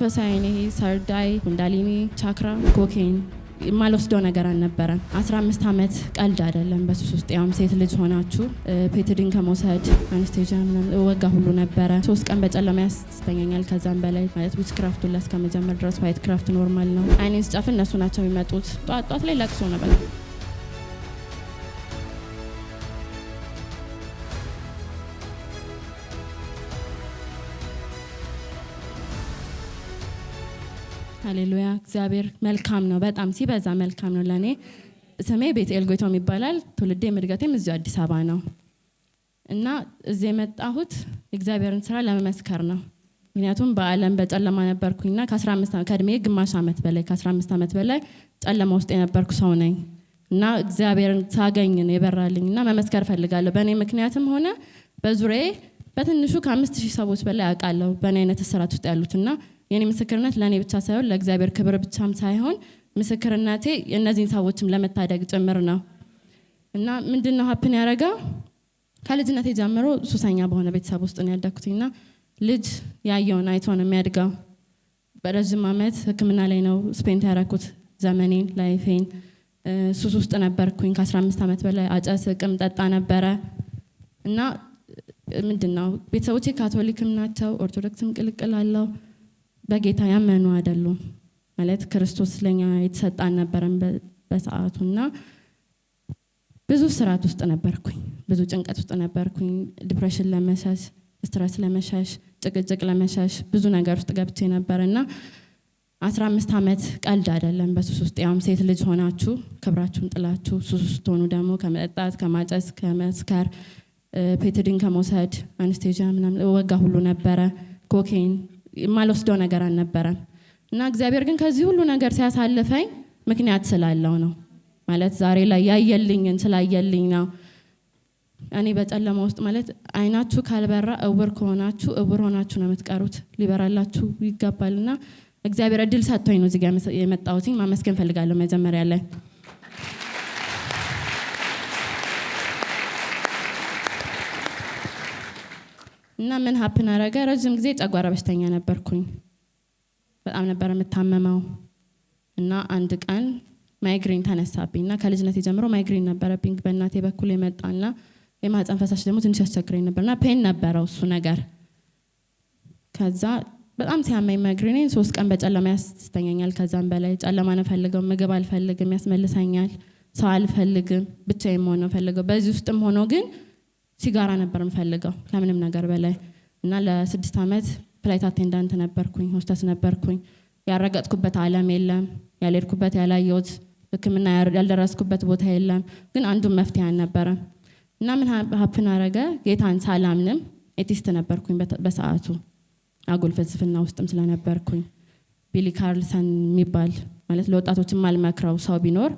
መንፈሳዊ እኔ ሰርዳይ፣ ኩንዳሊኒ፣ ቻክራ፣ ኮኬን የማልወስደው ነገር አልነበረም። 15 ዓመት ቀልድ አይደለም። በሱስ ውስጥ ያውም ሴት ልጅ ሆናችሁ ፔትድን ከመውሰድ አነስቴዣ ወጋ ሁሉ ነበረ። ሶስት ቀን በጨለማ ያስተኛኛል። ከዛም በላይ ማለት ዊች ክራፍቱን እስከመጀመር ድረስ ዋይት ክራፍት ኖርማል ነው። አይኔን ስጨፍ እነሱ ናቸው የሚመጡት። ጧት ጧት ላይ ለቅሶ ነበር ሀሌሉያ እግዚአብሔር መልካም ነው፣ በጣም ሲበዛ መልካም ነው ለእኔ። ስሜ ቤትኤል ጎይቶም ይባላል። ትውልዴ እድገቴም እዚሁ አዲስ አበባ ነው እና እዚህ የመጣሁት የእግዚአብሔርን ስራ ለመመስከር ነው። ምክንያቱም በአለም በጨለማ ነበርኩኝና ከእድሜ ግማሽ ዓመት በላይ ከ15 ዓመት በላይ ጨለማ ውስጥ የነበርኩ ሰው ነኝ እና እግዚአብሔርን ሳገኝ ነው የበራልኝ እና መመስከር ፈልጋለሁ። በእኔ ምክንያትም ሆነ በዙሬ በትንሹ ከአምስት ሺህ ሰዎች በላይ አውቃለሁ በእኔ አይነት ስራት ውስጥ ያሉትና የኔ ምስክርነት ለእኔ ብቻ ሳይሆን ለእግዚአብሔር ክብር ብቻም ሳይሆን ምስክርነቴ የእነዚህን ሰዎችም ለመታደግ ጭምር ነው እና ምንድን ነው ሀፕን ያደረገው ከልጅነቴ ጀምሮ ሱሰኛ በሆነ ቤተሰብ ውስጥ ነው እና ልጅ ያየውን አይቶ ነው የሚያድገው። በረዥም ዓመት ህክምና ላይ ነው ስፔንት ያረኩት ዘመኔን ላይፌን ሱስ ውስጥ ነበርኩኝ። ከ15 ዓመት በላይ አጨስ ቅም ጠጣ ነበረ እና ምንድን ነው ቤተሰቦቼ ካቶሊክም ናቸው ኦርቶዶክስም ቅልቅል አለው። በጌታ ያመኑ አይደሉም። ማለት ክርስቶስ ለኛ የተሰጣን ነበረን በሰዓቱ እና ብዙ ስርዓት ውስጥ ነበርኩኝ፣ ብዙ ጭንቀት ውስጥ ነበርኩኝ። ዲፕሬሽን ለመሻሽ፣ ስትረስ ለመሻሽ፣ ጭቅጭቅ ለመሻሽ ብዙ ነገር ውስጥ ገብቼ ነበር እና አስራ አምስት ዓመት ቀልድ አይደለም በሱስ ውስጥ ያውም ሴት ልጅ ሆናችሁ ክብራችሁን ጥላችሁ ሱስ ስትሆኑ ደግሞ ከመጠጣት ከማጨስ ከመስከር ፔትሪን ከመውሰድ አንስቴጃ ምናምን ወጋ ሁሉ ነበረ ኮኬን የማልወስደው ነገር አልነበረም እና እግዚአብሔር ግን ከዚህ ሁሉ ነገር ሲያሳልፈኝ ምክንያት ስላለው ነው። ማለት ዛሬ ላይ ያየልኝን ስላየልኝ ነው። እኔ በጨለማ ውስጥ ማለት አይናችሁ ካልበራ እውር ከሆናችሁ እውር ሆናችሁ ነው የምትቀሩት። ሊበራላችሁ ይገባል እና እግዚአብሔር እድል ሰጥቶኝ ነው እዚህ የመጣሁትኝ። ማመስገን ፈልጋለሁ መጀመሪያ ላይ እና ምን ሀፕን አረገ? ረዥም ጊዜ ጨጓራ በሽተኛ ነበርኩኝ። በጣም ነበር የምታመመው። እና አንድ ቀን ማይግሪን ተነሳብኝ እና ከልጅነት ጀምሮ ማይግሪን ነበረብኝ። በእናቴ በኩል የመጣና የማህፀን ፈሳሽ ደግሞ ትንሽ ያስቸግረኝ እና ፔን ነበረው እሱ ነገር። ከዛ በጣም ሲያመኝ ማይግሪኔን ሶስት ቀን በጨለማ ያስተኛኛል። ከዛም በላይ ጨለማ ነው ፈልገው፣ ምግብ አልፈልግም ያስመልሰኛል፣ ሰው አልፈልግም፣ ብቻ መሆን ነው ፈልገው። በዚህ ውስጥም ሆኖ ግን ሲጋራ ነበር የምፈልገው ከምንም ነገር በላይ እና ለስድስት ዓመት ፕላይት አቴንዳንት ነበርኩኝ፣ ሆስተስ ነበርኩኝ። ያረገጥኩበት ዓለም የለም፣ ያልሄድኩበት ያላየሁት ሕክምና ያልደረስኩበት ቦታ የለም። ግን አንዱን መፍትሄ አልነበረም እና ምን ሀፕን አረገ? ጌታን ሳላምንም ኤቲስት ነበርኩኝ በሰዓቱ አጉል ፍልስፍና ውስጥም ስለነበርኩኝ ቢሊ ካርልሰን የሚባል ማለት ለወጣቶች ማልመክረው ሰው ቢኖር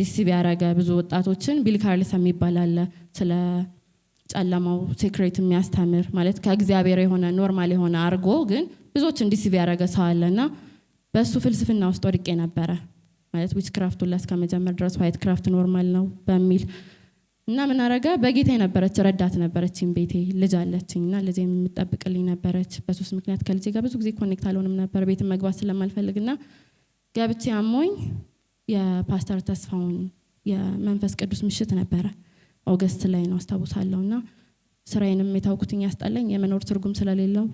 ዲሲቢ ያረገ ብዙ ወጣቶችን ቢሊ ካርልሰን የሚባል አለ ስለ ጨለማው ሴክሬት የሚያስተምር ማለት ከእግዚአብሔር የሆነ ኖርማል የሆነ አርጎ ግን ብዙዎች እንዲሲቭ ያደረገ ሰው አለ እና በእሱ ፍልስፍና ውስጥ ወድቄ ነበረ። ማለት ዊች ክራፍቱን ላስ ከመጀመር ድረስ ዋይት ክራፍት ኖርማል ነው በሚል እና ምን አረገ በጌታ የነበረች ረዳት ነበረችኝ። ቤቴ ልጅ አለችኝ እና ልጅ የምጠብቅልኝ ነበረች። በሶስት ምክንያት ከልጄ ጋር ብዙ ጊዜ ኮኔክት አልሆንም ነበር ቤት መግባት ስለማልፈልግ ና ገብቼ አሞኝ የፓስተር ተስፋውን የመንፈስ ቅዱስ ምሽት ነበረ ኦገስት ላይ ነው አስታውሳለሁ። እና ስራዬንም የታውኩትኝ ያስጠላኝ የመኖር ትርጉም ስለሌለው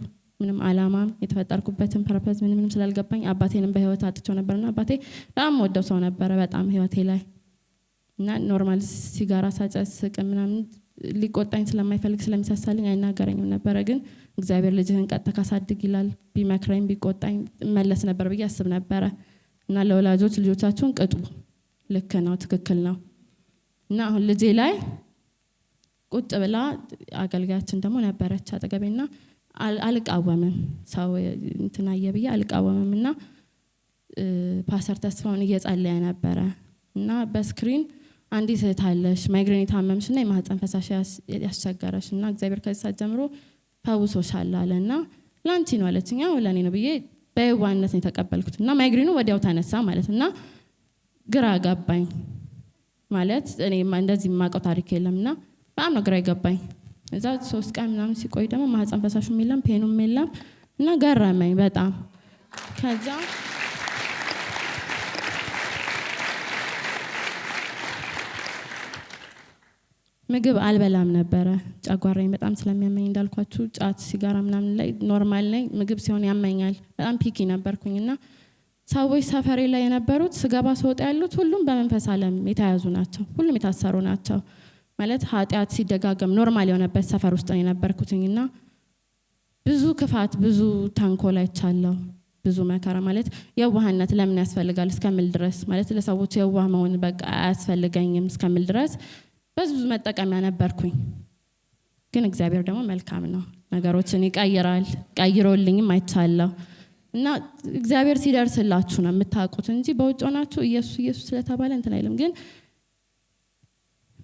ምንም አላማም የተፈጠርኩበትን ፐርፐዝ ምን ምንም ስላልገባኝ አባቴንም በህይወት ነበር ነበርና አባቴ በጣም ወደው ሰው ነበረ በጣም ህይወቴ ላይ እና ኖርማል ሲጋራ ሳጨስ ስቅ ምናምን ሊቆጣኝ ስለማይፈልግ ስለሚሳሳልኝ አይናገረኝም ነበረ። ግን እግዚአብሔር ልጅህን ቀጥ ካሳድግ ይላል። ቢመክረኝ ቢቆጣኝ መለስ ነበር ብዬ አስብ ነበረ እና ለወላጆች ልጆቻችሁን ቅጡ። ልክ ነው፣ ትክክል ነው። እና አሁን ልጄ ላይ ቁጭ ብላ አገልጋያችን ደግሞ ነበረች አጠገቤና አልቃወምም ሰው እንትናየ ብዬ አልቃወምም እና ፓስተር ተስፋውን እየጸለየ ነበረ እና በስክሪን አንዲት እህት አለሽ ማይግሬን የታመምሽ ና የማህፀን ፈሳሽ ያስቸገረሽ እና እግዚአብሔር ከዚህ ሰዓት ጀምሮ ፈውሶሻል አለ እና ለአንቺ ነው አለችኝ። አዎ ለእኔ ነው ብዬ በየዋነት ነው የተቀበልኩት እና ማይግሬኑ ወዲያው ተነሳ ማለት እና ግራ ገባኝ። ማለት እኔ እንደዚህ የማውቀው ታሪክ የለም እና በጣም ነገር አይገባኝ። እዛ ሶስት ቀን ምናምን ሲቆይ ደግሞ ማህፀን ፈሳሹም የለም ፔኑም የለም እና ገረመኝ በጣም ከዛ ምግብ አልበላም ነበረ። ጨጓራኝ በጣም ስለሚያመኝ እንዳልኳችሁ ጫት፣ ሲጋራ ምናምን ላይ ኖርማል ላይ ምግብ ሲሆን ያመኛል። በጣም ፒኪ ነበርኩኝና ሰዎች ሰፈሬ ላይ የነበሩት ስገባ ሰወጥ ያሉት ሁሉም በመንፈስ አለም የተያዙ ናቸው። ሁሉም የታሰሩ ናቸው ማለት ኃጢአት ሲደጋገም ኖርማል የሆነበት ሰፈር ውስጥ ነው እና ብዙ ክፋት፣ ብዙ ተንኮል አይቻለሁ። ብዙ መከራ ማለት የዋህነት ለምን ያስፈልጋል እስከምል ድረስ ማለት ለሰዎች የዋህ መሆን በቃ አያስፈልገኝም እስከምል ድረስ በብዙ መጠቀሚያ ነበርኩኝ። ግን እግዚአብሔር ደግሞ መልካም ነው፣ ነገሮችን ይቀይራል። ቀይሮልኝም አይቻለሁ። እና እግዚአብሔር ሲደርስላችሁ ነው የምታውቁት እንጂ በውጭ ሆናችሁ ኢየሱስ ኢየሱስ ስለተባለ እንትን አይልም። ግን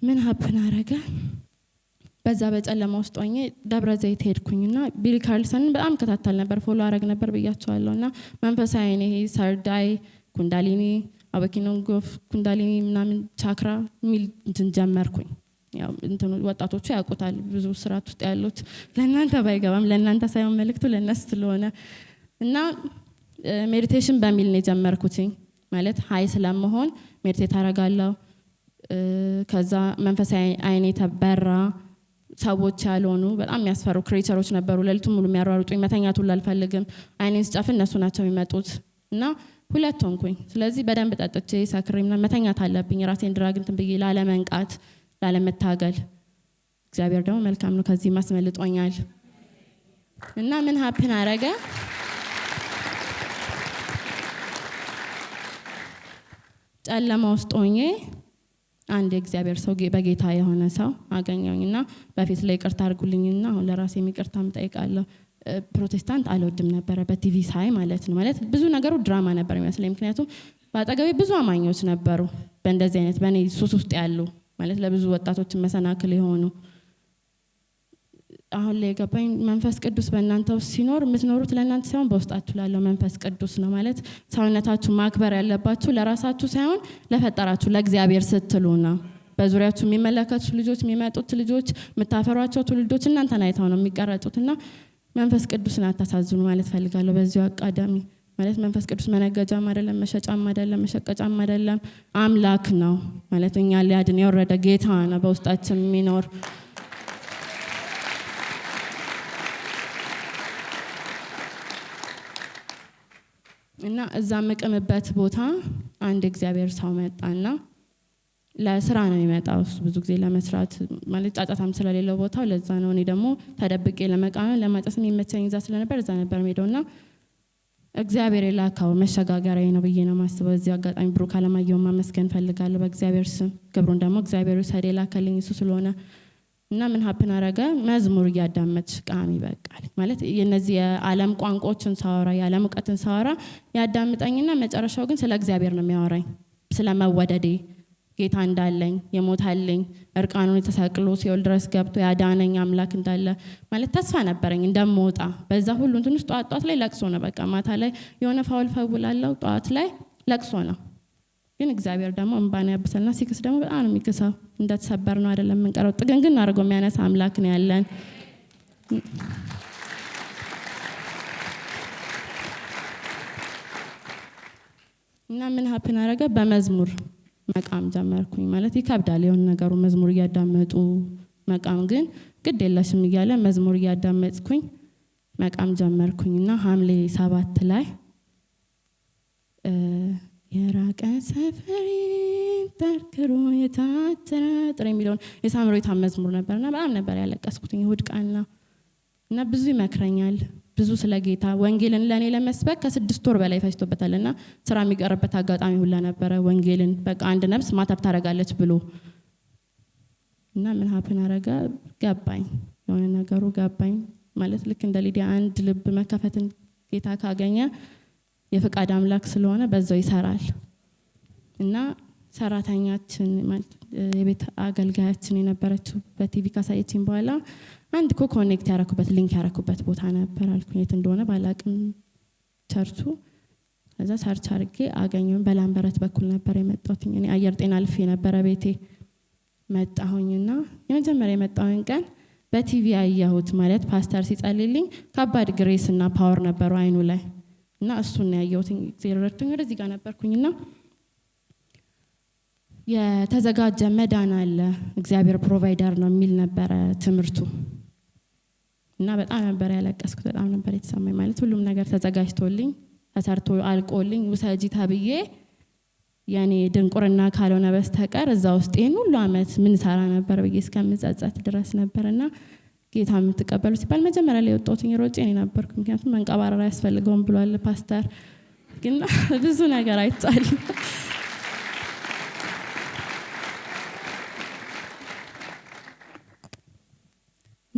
ምን ሀፕን አረገ? በዛ በጨለማ ውስጥ ሆኜ ደብረ ዘይት ሄድኩኝና ቢል ካርልሰንን በጣም ከታተል ነበር፣ ፎሎ አረግ ነበር ብያቸዋለሁ። እና መንፈሳዊ ይሄ ሰርዳይ፣ ኩንዳሊኒ፣ አበኪኖንጎፍ ኩንዳሊኒ ምናምን ቻክራ የሚል እንትን ጀመርኩኝ። ወጣቶቹ ያውቁታል ብዙ ስርዓት ውስጥ ያሉት ለእናንተ ባይገባም ለእናንተ ሳይሆን መልክቱ ለእነሱ ስለሆነ እና ሜዲቴሽን በሚል ነው የጀመርኩትኝ። ማለት ሀይ ስለመሆን ሜዲቴት አረጋለሁ። ከዛ መንፈሳዊ አይኔ ተበራ። ሰዎች ያልሆኑ በጣም የሚያስፈሩ ክሬቸሮች ነበሩ። ሌሊቱን ሙሉ የሚያሯሩጡ መተኛት አልፈልግም። አይኔን ስጫፍ እነሱ ናቸው የሚመጡት እና ሁለት ሆንኩኝ። ስለዚህ በደንብ ጠጥቼ ሰክሬም መተኛት አለብኝ ራሴን ድራግንትን ብዬ ላለመንቃት፣ ላለመታገል። እግዚአብሔር ደግሞ መልካም ነው፣ ከዚህ ማስመልጦኛል እና ምን ሀፕን አረገ ጨለማ ውስጥ ሆኜ አንድ የእግዚአብሔር ሰው በጌታ የሆነ ሰው አገኘውኝና በፊት ላይ ይቅርታ አርጉልኝና አሁን ለራሴ የሚቅርታ ምጠይቃለሁ። ፕሮቴስታንት አልወድም ነበረ በቲቪ ሳይ ማለት ነው። ማለት ብዙ ነገሩ ድራማ ነበር የሚመስለኝ፣ ምክንያቱም በአጠገቤ ብዙ አማኞች ነበሩ። በእንደዚህ አይነት በእኔ ሱስ ውስጥ ያሉ ማለት ለብዙ ወጣቶች መሰናክል የሆኑ አሁን ላይ የገባኝ መንፈስ ቅዱስ በእናንተ ውስጥ ሲኖር የምትኖሩት ለእናንተ ሳይሆን በውስጣችሁ ላለው መንፈስ ቅዱስ ነው። ማለት ሰውነታችሁ ማክበር ያለባችሁ ለራሳችሁ ሳይሆን ለፈጠራችሁ ለእግዚአብሔር ስትሉ ነው። በዙሪያችሁ የሚመለከቱት ልጆች፣ የሚመጡት ልጆች፣ የምታፈሯቸው ትውልዶች እናንተን አይተው ነው የሚቀረጡት እና መንፈስ ቅዱስን አታሳዝኑ ማለት ፈልጋለሁ በዚሁ አቃዳሚ ማለት መንፈስ ቅዱስ መነገጃም አይደለም፣ መሸጫም አይደለም፣ መሸቀጫም አይደለም። አምላክ ነው ማለት እኛ ሊያድን የወረደ ጌታ ነው በውስጣችን የሚኖር እና እዛ የምቅምበት ቦታ አንድ እግዚአብሔር ሰው መጣና ለስራ ነው የሚመጣው። እሱ ብዙ ጊዜ ለመስራት ማለት ጫጫታም ስለሌለው ቦታው ለዛ ነው። እኔ ደግሞ ተደብቄ ለመቃመም ለማጨስ የሚመቸኝ እዛ ስለነበር እዛ ነበር ሄደውና እግዚአብሔር የላካው መሸጋገሪያ ነው ብዬ ነው ማስበው። እዚህ አጋጣሚ ብሩክ አለማየውን ማመስገን ፈልጋለሁ በእግዚአብሔር ስም። ግብሩን ደግሞ እግዚአብሔር ውሰድ የላከልኝ እሱ ስለሆነ እና ምን ሀፕን አረገ? መዝሙር እያዳመጥሽ ቃም ይበቃል ማለት የነዚህ የዓለም ቋንቋዎችን ሳወራ የዓለም እውቀትን ሳወራ ያዳምጠኝና መጨረሻው ግን ስለ እግዚአብሔር ነው የሚያወራኝ፣ ስለ መወደዴ፣ ጌታ እንዳለኝ፣ የሞታልኝ፣ እርቃኑን የተሰቅሎ ሲወል ድረስ ገብቶ ያዳነኝ አምላክ እንዳለ ማለት ተስፋ ነበረኝ እንደምወጣ። በዛ ሁሉ እንትን ውስጥ ጠዋት ጠዋት ላይ ለቅሶ ነው። በቃ ማታ ላይ የሆነ ፋውል ፈውላለው ጠዋት ላይ ለቅሶ ነው። ግን እግዚአብሔር ደግሞ እንባን ያብሰልና ሲክስ ደግሞ በጣም ነው የሚክሰው። እንደተሰበር ነው አይደለም የምንቀረው። ጥገን ግን አድርጎ የሚያነሳ አምላክ ነው ያለን። እና ምን ሀፕን አረገ በመዝሙር መቃም ጀመርኩኝ። ማለት ይከብዳል የሆነ ነገሩ መዝሙር እያዳመጡ መቃም፣ ግን ግድ የለሽም እያለ መዝሙር እያዳመጥኩኝ መቃም ጀመርኩኝ እና ሐምሌ ሰባት ላይ የራቀ ሰፈሬ ጠርክሮ የታተረ ጥር የሚለውን የሳምራዊት መዝሙር እና በጣም ነበር ያለቀስኩትኝ እሑድ ቀንና እና ብዙ ይመክረኛል ብዙ ስለ ጌታ ወንጌልን ለእኔ ለመስበክ ከስድስት ወር በላይ ፈጅቶበታል እና ስራ የሚቀርበት አጋጣሚ ሁላ ነበረ። ወንጌልን በቃ አንድ ነፍስ ማተብ ታደርጋለች ብሎ እና ምን ሀፕን አረገ ገባኝ፣ የሆነ ነገሩ ገባኝ ማለት ልክ እንደ ሊዲያ አንድ ልብ መከፈትን ጌታ ካገኘ የፈቃድ አምላክ ስለሆነ በዛው ይሰራል እና ሰራተኛችን የቤት አገልጋያችን የነበረችው በቲቪ ካሳየችን በኋላ አንድ ኮ ኮኔክት ያረኩበት ሊንክ ያረኩበት ቦታ ነበር አልኩኝ። የት እንደሆነ ባላቅም ቸርቹ ከዛ ሰርች አርጌ አገኘሁኝ። በላንበረት በኩል ነበር የመጣት እኔ አየር ጤና አልፌ የነበረ ቤቴ መጣሁኝና የመጀመሪያ የመጣሁኝ ቀን በቲቪ አያሁት ማለት ፓስተር ሲጸልልኝ ከባድ ግሬስ እና ፓወር ነበሩ አይኑ ላይ እና እሱን ያየሁት። እግዚአብሔር ረድቶኝ ወደዚህ ጋር ነበርኩኝና የተዘጋጀ መዳን አለ እግዚአብሔር ፕሮቫይደር ነው የሚል ነበረ ትምህርቱ። እና በጣም ነበር ያለቀስኩት፣ በጣም ነበር የተሰማኝ። ማለት ሁሉም ነገር ተዘጋጅቶልኝ ተሰርቶ አልቆልኝ ውሰጂ ተብዬ የኔ ድንቁርና ካልሆነ በስተቀር እዛ ውስጥ ይህን ሁሉ አመት ምንሰራ ነበር ብዬ እስከምጸጸት ድረስ ነበርና ጌታ የምትቀበሉ ሲባል መጀመሪያ ላይ የወጣትኝ ሮጭ እኔ ነበርኩ። ምክንያቱም መንቀባረር አያስፈልገውም ብሏል ፓስተር። ግን ብዙ ነገር አይቻል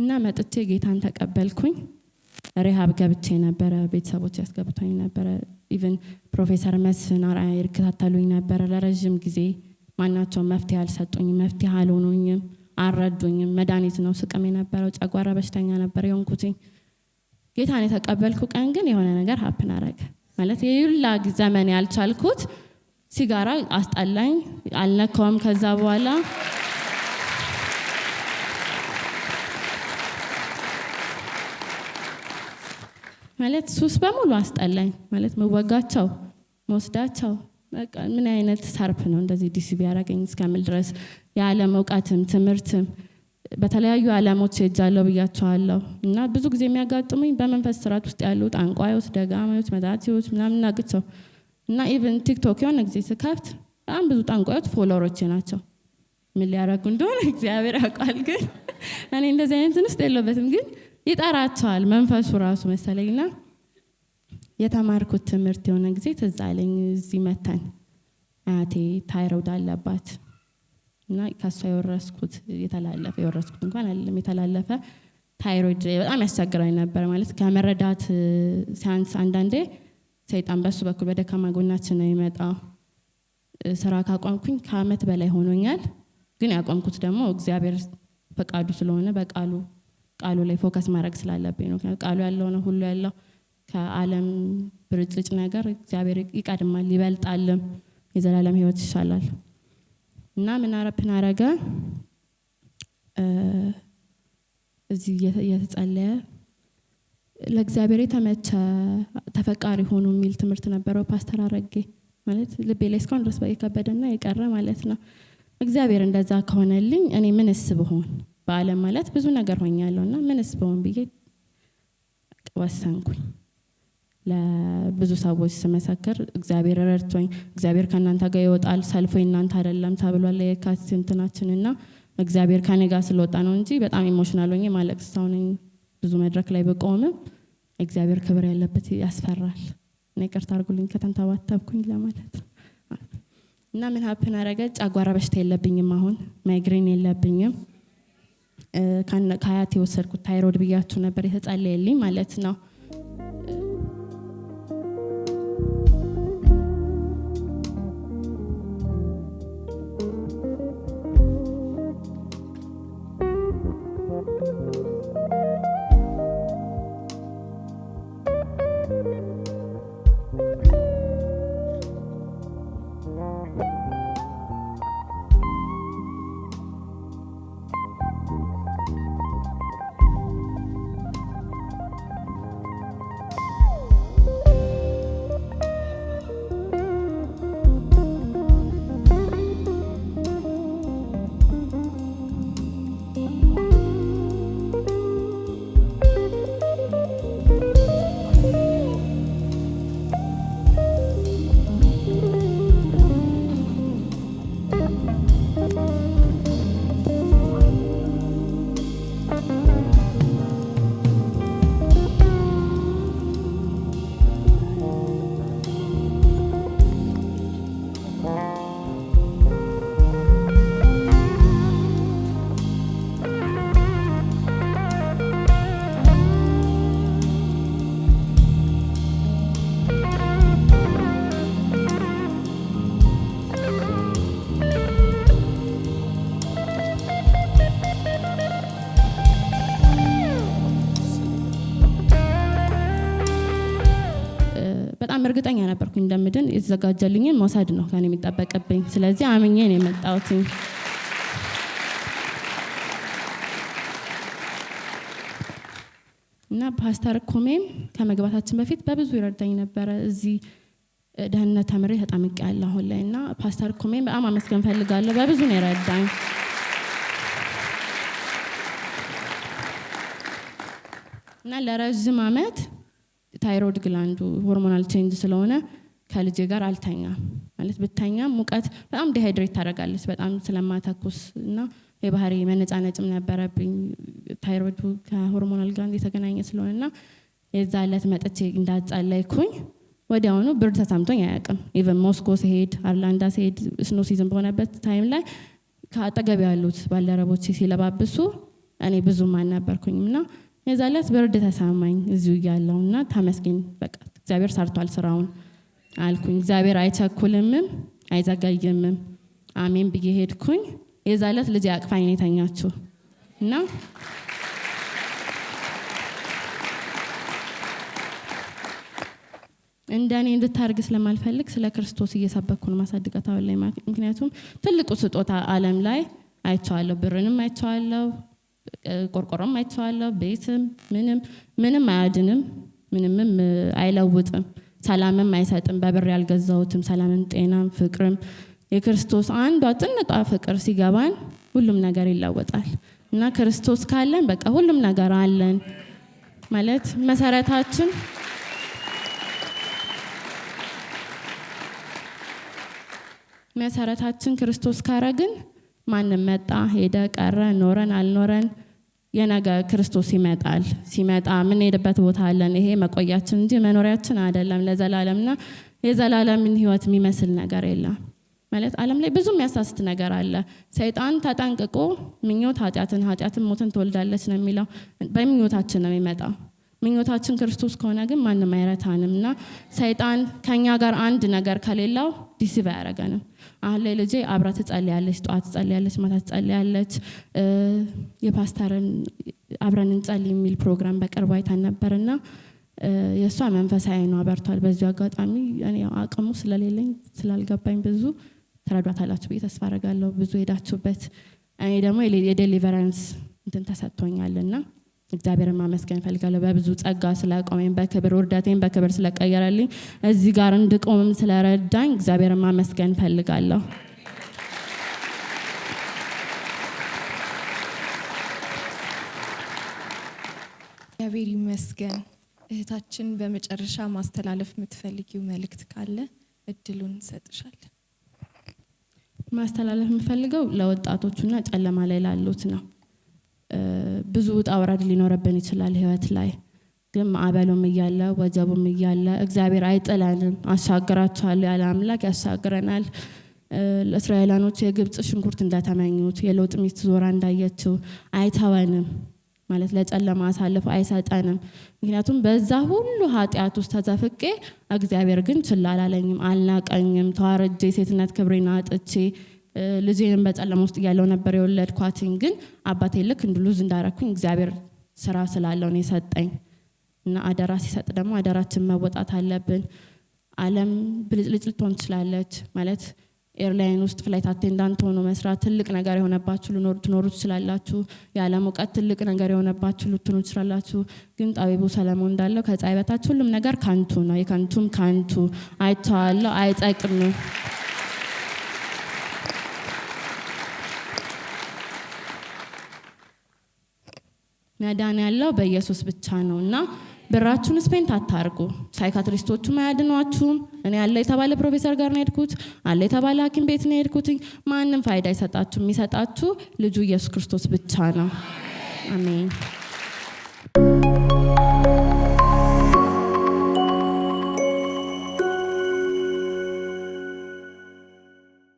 እና መጥቼ ጌታን ተቀበልኩኝ። ሪሃብ ገብቼ ነበረ። ቤተሰቦች ያስገብቶኝ ነበረ። ኢቨን ፕሮፌሰር መስፍን አርአያ ይከታተሉኝ ነበረ ለረዥም ጊዜ። ማናቸውም መፍትሄ አልሰጡኝም፣ መፍትሄ አልሆኑኝም። አልረዱኝም። መድኃኒት ነው ስቅም የነበረው ጨጓራ በሽተኛ ነበር የንኩት ጌታን የተቀበልኩ ቀን ግን የሆነ ነገር ሀፕን አረገ። ማለት የዩላ ዘመን ያልቻልኩት ሲጋራ አስጠላኝ፣ አልነካውም። ከዛ በኋላ ማለት ሱስ በሙሉ አስጠላኝ። ማለት መወጋቸው መወስዳቸው በቃ ምን አይነት ሰርፕ ነው እንደዚህ ዲሲ ያደረገኝ እስከምል ድረስ የዓለም እውቀትም ትምህርትም በተለያዩ ዓለሞች ሄጃለሁ ብያቸዋለሁ። እና ብዙ ጊዜ የሚያጋጥሙኝ በመንፈስ ስርዓት ውስጥ ያሉ ጠንቋዮች፣ ደጋማዮች፣ መዛቴዎች ምናምን ናቅቸው እና ኢቨን ቲክቶክ የሆነ ጊዜ ስከፍት በጣም ብዙ ጠንቋዮች ፎሎወሮቼ ናቸው። ምን ሊያረጉ እንደሆነ እግዚአብሔር ያውቃል። ግን እኔ እንደዚህ አይነት ውስጥ የለበትም። ግን ይጠራቸዋል መንፈሱ ራሱ መሰለኝና የተማርኩት ትምህርት የሆነ ጊዜ ትዝ አለኝ። እዚህ መተን አያቴ ታይሮይድ አለባት እና ከእሷ የወረስኩት የተላለፈ የወረስኩት እንኳን አለም የተላለፈ ታይሮይድ በጣም ያስቸግራኝ ነበር። ማለት ከመረዳት ሲያንስ አንዳንዴ ሰይጣን በሱ በኩል በደካማ ጎናችን ነው የሚመጣው። ስራ ካቆምኩኝ ከአመት በላይ ሆኖኛል። ግን ያቆምኩት ደግሞ እግዚአብሔር ፈቃዱ ስለሆነ በቃሉ ቃሉ ላይ ፎከስ ማድረግ ስላለብኝ ነው። ቃሉ ያለው ነው ሁሉ ያለው ከዓለም ብርጭጭ ነገር እግዚአብሔር ይቀድማል፣ ይበልጣልም፣ የዘላለም ህይወት ይሻላል እና ምናረብን አረገ እዚህ እየተጸለየ ለእግዚአብሔር የተመቸ ተፈቃሪ ሆኑ የሚል ትምህርት ነበረው ፓስተር አረጌ ማለት ልቤ ላይ እስካሁን ድረስ የከበደና የቀረ ማለት ነው። እግዚአብሔር እንደዛ ከሆነልኝ እኔ ምንስ ብሆን በዓለም ማለት ብዙ ነገር ሆኛለሁ እና ምንስ ብሆን ብዬ ወሰንኩኝ። ለብዙ ሰዎች ስመሰክር እግዚአብሔር ረድቶኝ እግዚአብሔር ከእናንተ ጋር ይወጣል፣ ሰልፎ እናንተ አይደለም ተብሏል። የካቲት እንትናችን እና እግዚአብሔር ከኔ ጋር ስለወጣ ነው እንጂ በጣም ኢሞሽናል ሆኜ ማለቅ ብዙ መድረክ ላይ በቆምም እግዚአብሔር ክብር ያለበት ያስፈራል። እኔ ይቅርታ አርጉልኝ ከተንተባተብኩኝ ለማለት እና ምን ሀፕን አረገ። ጫጓራ በሽታ የለብኝም፣ አሁን ማይግሬን የለብኝም። ከአያት የወሰድኩት ታይሮድ ብያችሁ ነበር የተጸለየልኝ ማለት ነው ነበርኩኝ እንደምድን የተዘጋጀልኝን መውሰድ ነው ከኔ የሚጠበቅብኝ። ስለዚህ አምኜ ነው የመጣሁትኝ። እና ፓስተር ኮሜም ከመግባታችን በፊት በብዙ ይረዳኝ ነበረ። እዚህ ደህንነት ተምሬ ተጠምቄ ያለ አሁን ላይ እና ፓስተር ኮሜም በጣም አመስገን ፈልጋለሁ። በብዙ ነው ይረዳኝ። እና ለረዥም አመት ታይሮድ ግላንዱ ሆርሞናል ቼንጅ ስለሆነ ከልጅ ጋር አልተኛም ማለት ብተኛም ሙቀት በጣም ዲሃይድሬት ታደርጋለች። በጣም ስለማተኩስ እና የባህሪ መነጫነጭም ነበረብኝ ታይሮዱ ከሆርሞናል ግላንድ የተገናኘ ስለሆነ ና የዛ ለት መጥቼ እንዳጸለይኩኝ ወዲያውኑ ብርድ ተሰምቶኝ አያቅም። ኢቨን ሞስኮ ሲሄድ አርላንዳ ሲሄድ ስኖ ሲዝን በሆነበት ታይም ላይ ከአጠገብ ያሉት ባልደረቦች ሲለባብሱ እኔ ብዙም አልነበርኩኝም እና የዛ ዕለት ብርድ ተሰማኝ እዚሁ እያለሁ እና ተመስገን በቃ እግዚአብሔር ሰርቷል ስራውን አልኩኝ። እግዚአብሔር አይቸኩልምም አይዘገይምም አሜን ብዬ ሄድኩኝ። የዛ ዕለት ልጅ አቅፋኝ ነው የተኛችው እና እንደ እኔ እንድታርግ ስለማልፈልግ ስለ ክርስቶስ እየሰበኩ ነው ላይ። ምክንያቱም ትልቁ ስጦታ አለም ላይ አይቸዋለሁ ብርንም አይቸዋለሁ ቆርቆሮም አይቼዋለሁ። ቤትም ምንም ምንም አያድንም፣ ምንምም አይለውጥም፣ ሰላምም አይሰጥም። በብር ያልገዛሁትም ሰላምም፣ ጤናም፣ ፍቅርም የክርስቶስ አንዷ ጥንጧ ፍቅር ሲገባን ሁሉም ነገር ይለወጣል እና ክርስቶስ ካለን በቃ ሁሉም ነገር አለን ማለት መሰረታችን መሰረታችን ክርስቶስ ካረግን ማንም መጣ፣ ሄደ፣ ቀረ፣ ኖረን አልኖረን የነገ ክርስቶስ ይመጣል። ሲመጣ የምንሄድበት ቦታ አለን። ይሄ መቆያችን እንጂ መኖሪያችን አይደለም ለዘላለምና የዘላለምን ህይወት የሚመስል ነገር የለም። ማለት አለም ላይ ብዙ የሚያሳስት ነገር አለ። ሰይጣን ተጠንቅቆ ምኞት ኃጢአትን፣ ኃጢአትን ሞትን ትወልዳለች ነው የሚለው። በምኞታችን ነው የሚመጣው። ምኞታችን ክርስቶስ ከሆነ ግን ማንም አይረታንም እና ሰይጣን ከኛ ጋር አንድ ነገር ከሌላው ዲሲቭ አያረገንም አሁን ላይ ልጄ አብራ ትጸልያለች፣ ጠዋት ትጸልያለች፣ ማታ ትጸልያለች። የፓስተርን አብረን እንጸል የሚል ፕሮግራም በቅርቡ አይታን ነበርና የእሷ መንፈሳዊ አይኗ አበርቷል በዚሁ አጋጣሚ አቅሙ ስለሌለኝ ስላልገባኝ ብዙ ትረዷታላችሁ ብዬ ተስፋ አደርጋለሁ። ብዙ ሄዳችሁበት። እኔ ደግሞ የዴሊቨራንስ እንትን ተሰጥቶኛልና እግዚአብሔር ማመስገን እፈልጋለሁ። በብዙ ጸጋ ስለቆመኝ፣ በክብር ውርደቴን በክብር ስለቀየረልኝ፣ እዚህ ጋር እንድቆምም ስለረዳኝ እግዚአብሔር ማመስገን ፈልጋለሁ እግዚአብሔር ይመስገን። እህታችን በመጨረሻ ማስተላለፍ የምትፈልጊው መልእክት ካለ እድሉን እንሰጥሻለን። ማስተላለፍ የምፈልገው ለወጣቶቹና ጨለማ ላይ ላሉት ነው። ብዙ ውጣ ውረድ ሊኖርብን ይችላል ህይወት ላይ ግን ማዕበሉም እያለ ወጀቡም እያለ እግዚአብሔር አይጥለንም። አሻግራችኋለሁ ያለ አምላክ ያሻግረናል። እስራኤላኖች የግብፅ ሽንኩርት እንደተመኙት የለውጥ ሚስት ዞራ እንዳየችው አይተወንም ማለት ለጨለማ አሳልፎ አይሰጠንም። ምክንያቱም በዛ ሁሉ ኃጢአት ውስጥ ተዘፍቄ እግዚአብሔር ግን ችላ አልናቀኝም። ተዋርጄ ሴትነት ክብሬን አጥቼ ልጄንም በጨለማ ውስጥ እያለው ነበር የወለድኳትኝ። ግን አባቴ ልክ እንድሉዝ እንዳረኩኝ እግዚአብሔር ስራ ስላለው ነው የሰጠኝ እና አደራ ሲሰጥ ደግሞ አደራችን መወጣት አለብን። አለም ብልጭልጭ ልትሆን ትችላለች ማለት ኤርላይን ውስጥ ፍላይት አቴንዳንት ሆኖ መስራት ትልቅ ነገር የሆነባችሁ ልኖሩ ትኖሩ ትችላላችሁ። የዓለም እውቀት ትልቅ ነገር የሆነባችሁ ልትኖሩ ትችላላችሁ። ግን ጣቢቡ ሰለሞን እንዳለው ከፀሐይ በታች ሁሉም ነገር ከንቱ ነው፣ የከንቱም ከንቱ አይቼዋለሁ፣ አይጠቅምም። መዳን ያለው በኢየሱስ ብቻ ነው እና ብራችሁን ስፔንት አታርጉ። ሳይካትሪስቶቹ አያድኗችሁም። እኔ አለ የተባለ ፕሮፌሰር ጋር ነው የሄድኩት፣ አለ የተባለ ሐኪም ቤት ነው የሄድኩት። ማንም ፋይዳ አይሰጣችሁ። የሚሰጣችሁ ልጁ ኢየሱስ ክርስቶስ ብቻ ነው። አሜን።